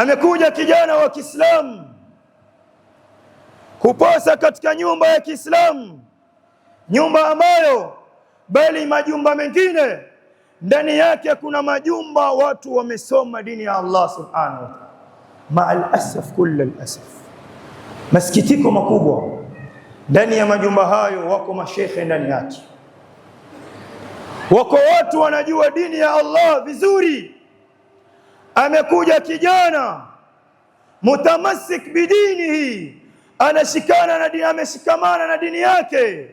Amekuja kijana wa Kiislamu kuposa katika nyumba ya Kiislamu, nyumba ambayo bali majumba mengine ndani yake kuna majumba watu wamesoma dini ya Allah subhanahu wa ta'ala. Maal asaf, kulla alasaf, masikitiko makubwa, ndani ya majumba hayo wako mashekhe ndani yake, wako watu wanajua dini ya Allah vizuri amekuja kijana mutamasik bidinihi, anashikana na dini, ameshikamana na dini yake,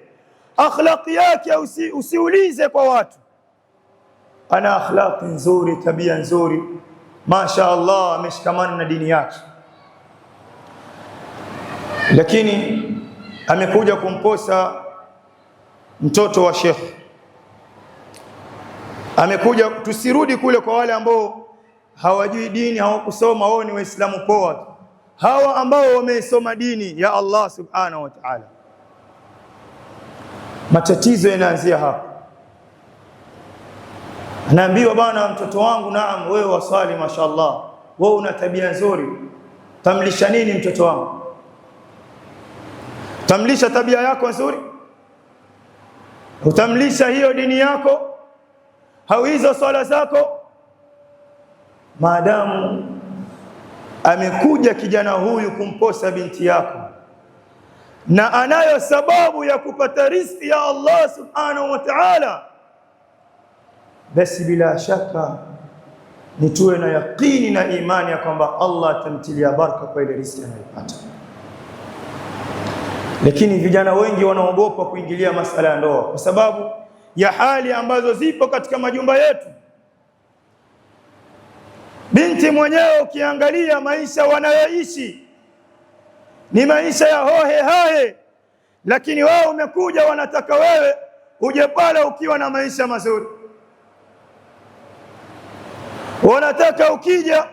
akhlaqi yake usi, usiulize kwa watu, ana akhlaqi nzuri, tabia nzuri, masha Allah, ameshikamana na dini yake, lakini amekuja kumposa mtoto wa shekhe, amekuja. Tusirudi kule kwa wale ambao hawajui dini, hawakusoma, wao ni waislamu poa tu. Hawa ambao wamesoma dini ya Allah subhanahu wa ta'ala, matatizo yanaanzia hapa. Anaambiwa bwana, mtoto wangu, naam, wewe waswali, mashaallah, wewe una tabia nzuri. Tamlisha nini mtoto wangu? Tamlisha tabia yako nzuri, utamlisha hiyo dini yako, au hizo swala zako maadamu amekuja kijana huyu kumposa binti yako na anayo sababu ya kupata riziki ya Allah subhanahu wa ta'ala, basi bila shaka ni tuwe na yaqini na imani ya kwamba Allah atamtilia baraka kwa ile riziki anayopata. Lakini vijana wengi wanaogopa kuingilia masala ya ndoa kwa sababu ya hali ambazo zipo katika majumba yetu. Binti mwenyewe ukiangalia maisha wanayoishi ni maisha ya hohe hahe, lakini wao umekuja, wanataka wewe uje pale ukiwa na maisha mazuri, wanataka ukija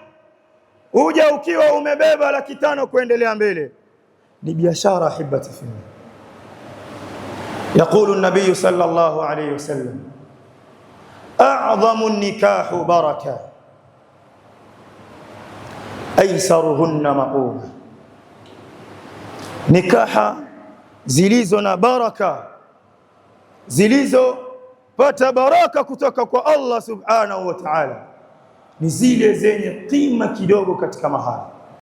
uja ukiwa umebeba laki tano kuendelea mbele. Ni biashara ahibati fi yaqulu nabiyu sallallahu alayhi wasallam a'dhamu nikahu baraka aisaruhunna maquma, nikaha zilizo na baraka zilizopata baraka kutoka kwa Allah subhanahu wa ta'ala ni zile zenye qima kidogo katika mahali